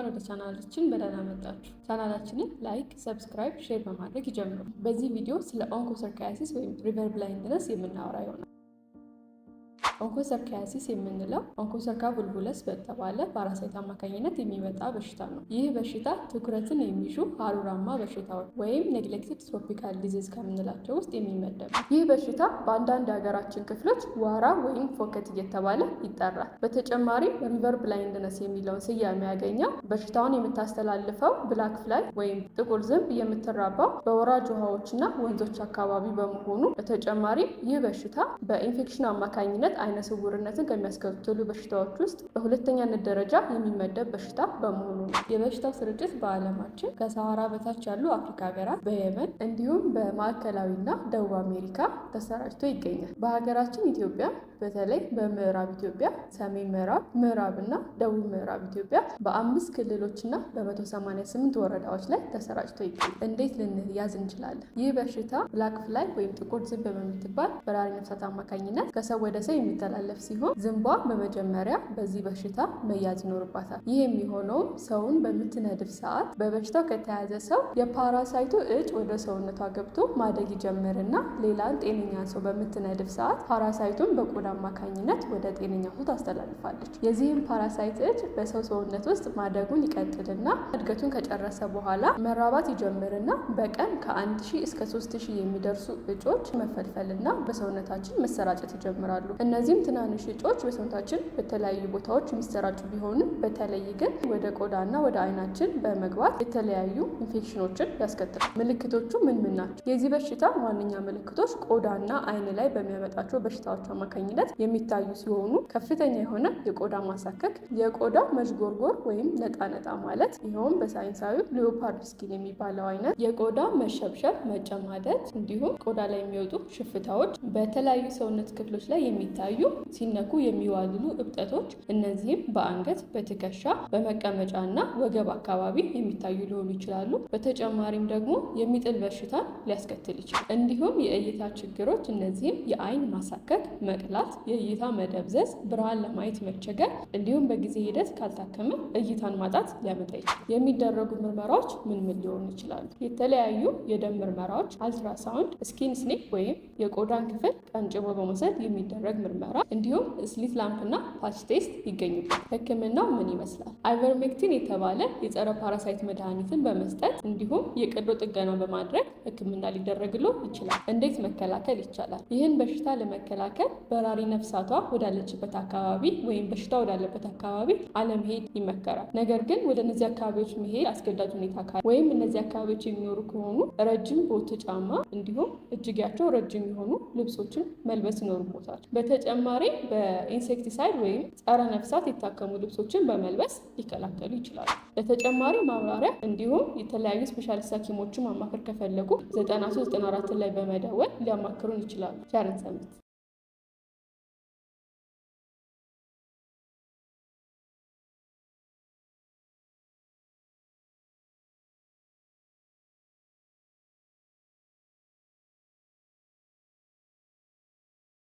እንኳን ወደ ቻናላችን በደህና መጣችሁ። ቻናላችንን ላይክ፣ ሰብስክራይብ፣ ሼር በማድረግ ይጀምሩ። በዚህ ቪዲዮ ስለ ኦንኮሰርካያሲስ ወይም ሪቨር ብላይንድነስ የምናወራ ይሆናል። ካያሲስ የምንለው ኦንኮሰርካ ቡልቡለስ በተባለ ፓራሳይት አማካኝነት የሚመጣ በሽታ ነው። ይህ በሽታ ትኩረትን የሚሹ ሀሩራማ በሽታዎች ወይም ኔግሌክትድ ትሮፒካል ዲዚዝ ከምንላቸው ውስጥ የሚመደብ ይህ በሽታ በአንዳንድ የሀገራችን ክፍሎች ዋራ ወይም ፎከት እየተባለ ይጠራል። በተጨማሪም ሪቨር ብላይንድነስ የሚለውን ስያሜ ያገኘው በሽታውን የምታስተላልፈው ብላክ ፍላይ ወይም ጥቁር ዝንብ የምትራባው በወራጅ ውሃዎችና ወንዞች አካባቢ በመሆኑ በተጨማሪም ይህ በሽታ በኢንፌክሽን አማካኝነት አይነ ስውርነትን ከሚያስከትሉ በሽታዎች ውስጥ በሁለተኛነት ደረጃ የሚመደብ በሽታ በመሆኑ ነው። የበሽታው ስርጭት በዓለማችን ከሰሃራ በታች ያሉ አፍሪካ ሀገራት፣ በየመን እንዲሁም በማዕከላዊና ደቡብ አሜሪካ ተሰራጭቶ ይገኛል። በሀገራችን ኢትዮጵያ በተለይ በምዕራብ ኢትዮጵያ፣ ሰሜን ምዕራብ፣ ምዕራብና ደቡብ ምዕራብ ኢትዮጵያ በአምስት ክልሎችና በ188 ወረዳዎች ላይ ተሰራጭቶ ይገኛል። እንዴት ልንያዝ እንችላለን? ይህ በሽታ ብላክ ፍላይ ወይም ጥቁር ዝንብ በምትባል በራሪ ነፍሳት አማካኝነት ከሰው ወደ ሰው የሚ የሚተላለፍ ሲሆን ዝንቧ በመጀመሪያ በዚህ በሽታ መያዝ ይኖርባታል። ይህ የሚሆነው ሰውን በምትነድፍ ሰዓት በበሽታው ከተያዘ ሰው የፓራሳይቱ እጭ ወደ ሰውነቷ ገብቶ ማደግ ይጀምርና ሌላን ጤነኛ ሰው በምትነድፍ ሰዓት ፓራሳይቱን በቆዳ አማካኝነት ወደ ጤነኛ ሰው ታስተላልፋለች። የዚህም ፓራሳይት እጭ በሰው ሰውነት ውስጥ ማደጉን ይቀጥልና እድገቱን ከጨረሰ በኋላ መራባት ይጀምርና በቀን ከ ሺህ እስከ 3 የሚደርሱ እጮች መፈልፈልና በሰውነታችን መሰራጨት ይጀምራሉ። እነዚህ እነዚህም ትናንሽ እጮች በሰውነታችን በተለያዩ ቦታዎች የሚሰራጩ ቢሆንም በተለይ ግን ወደ ቆዳና ወደ አይናችን በመግባት የተለያዩ ኢንፌክሽኖችን ያስከትላል። ምልክቶቹ ምን ምን ናቸው? የዚህ በሽታ ዋነኛ ምልክቶች ቆዳና አይን ላይ በሚያመጣቸው በሽታዎች አማካኝነት የሚታዩ ሲሆኑ ከፍተኛ የሆነ የቆዳ ማሳከክ፣ የቆዳ መዥጎርጎር ወይም ነጣነጣ ማለት ይኸውም በሳይንሳዊ ሊዮፓርድ ስኪን የሚባለው አይነት የቆዳ መሸብሸብ፣ መጨማደድ እንዲሁም ቆዳ ላይ የሚወጡ ሽፍታዎች በተለያዩ ሰውነት ክፍሎች ላይ የሚታዩ ሲታዩ ሲነኩ የሚዋልሉ እብጠቶች፣ እነዚህም በአንገት፣ በትከሻ፣ በመቀመጫ እና ወገብ አካባቢ የሚታዩ ሊሆኑ ይችላሉ። በተጨማሪም ደግሞ የሚጥል በሽታን ሊያስከትል ይችላል። እንዲሁም የእይታ ችግሮች፣ እነዚህም የአይን ማሳከክ፣ መቅላት፣ የእይታ መደብዘዝ፣ ብርሃን ለማየት መቸገር እንዲሁም በጊዜ ሂደት ካልታከመ እይታን ማጣት ሊያመጣ ይችላል። የሚደረጉ ምርመራዎች ምን ምን ሊሆኑ ይችላሉ? የተለያዩ የደም ምርመራዎች፣ አልትራሳውንድ፣ ስኪን ስኔክ ወይም የቆዳን ክፍል ቀንጭቦ በመውሰድ የሚደረግ ምርመራ ይኖራል። እንዲሁም ስሊት ላምፕና ፓች ቴስት ይገኙበታል። ህክምናው ምን ይመስላል? አይቨርሜክቲን የተባለ የጸረ ፓራሳይት መድኃኒትን በመስጠት እንዲሁም የቀዶ ጥገና በማድረግ ህክምና ሊደረግሎ ይችላል። እንዴት መከላከል ይቻላል? ይህን በሽታ ለመከላከል በራሪ ነፍሳቷ ወዳለችበት አካባቢ ወይም በሽታ ወዳለበት አካባቢ አለመሄድ ይመከራል። ነገር ግን ወደ እነዚህ አካባቢዎች መሄድ አስገዳጅ ሁኔታ ካለ ወይም እነዚህ አካባቢዎች የሚኖሩ ከሆኑ ረጅም ቦት ጫማ እንዲሁም እጅጌያቸው ረጅም የሆኑ ልብሶችን መልበስ ይኖርቦታል። በተጨማሪ በኢንሴክቲሳይድ ወይም ጸረ ነፍሳት የታከሙ ልብሶችን በመልበስ ሊከላከሉ ይችላሉ። በተጨማሪ ማብራሪያ እንዲሁም የተለያዩ ስፔሻሊስት ሐኪሞችን ማማከር ከፈለጉ 9394 ላይ በመደወል ሊያማክሩን ይችላሉ። ቸር ሰንብቱ።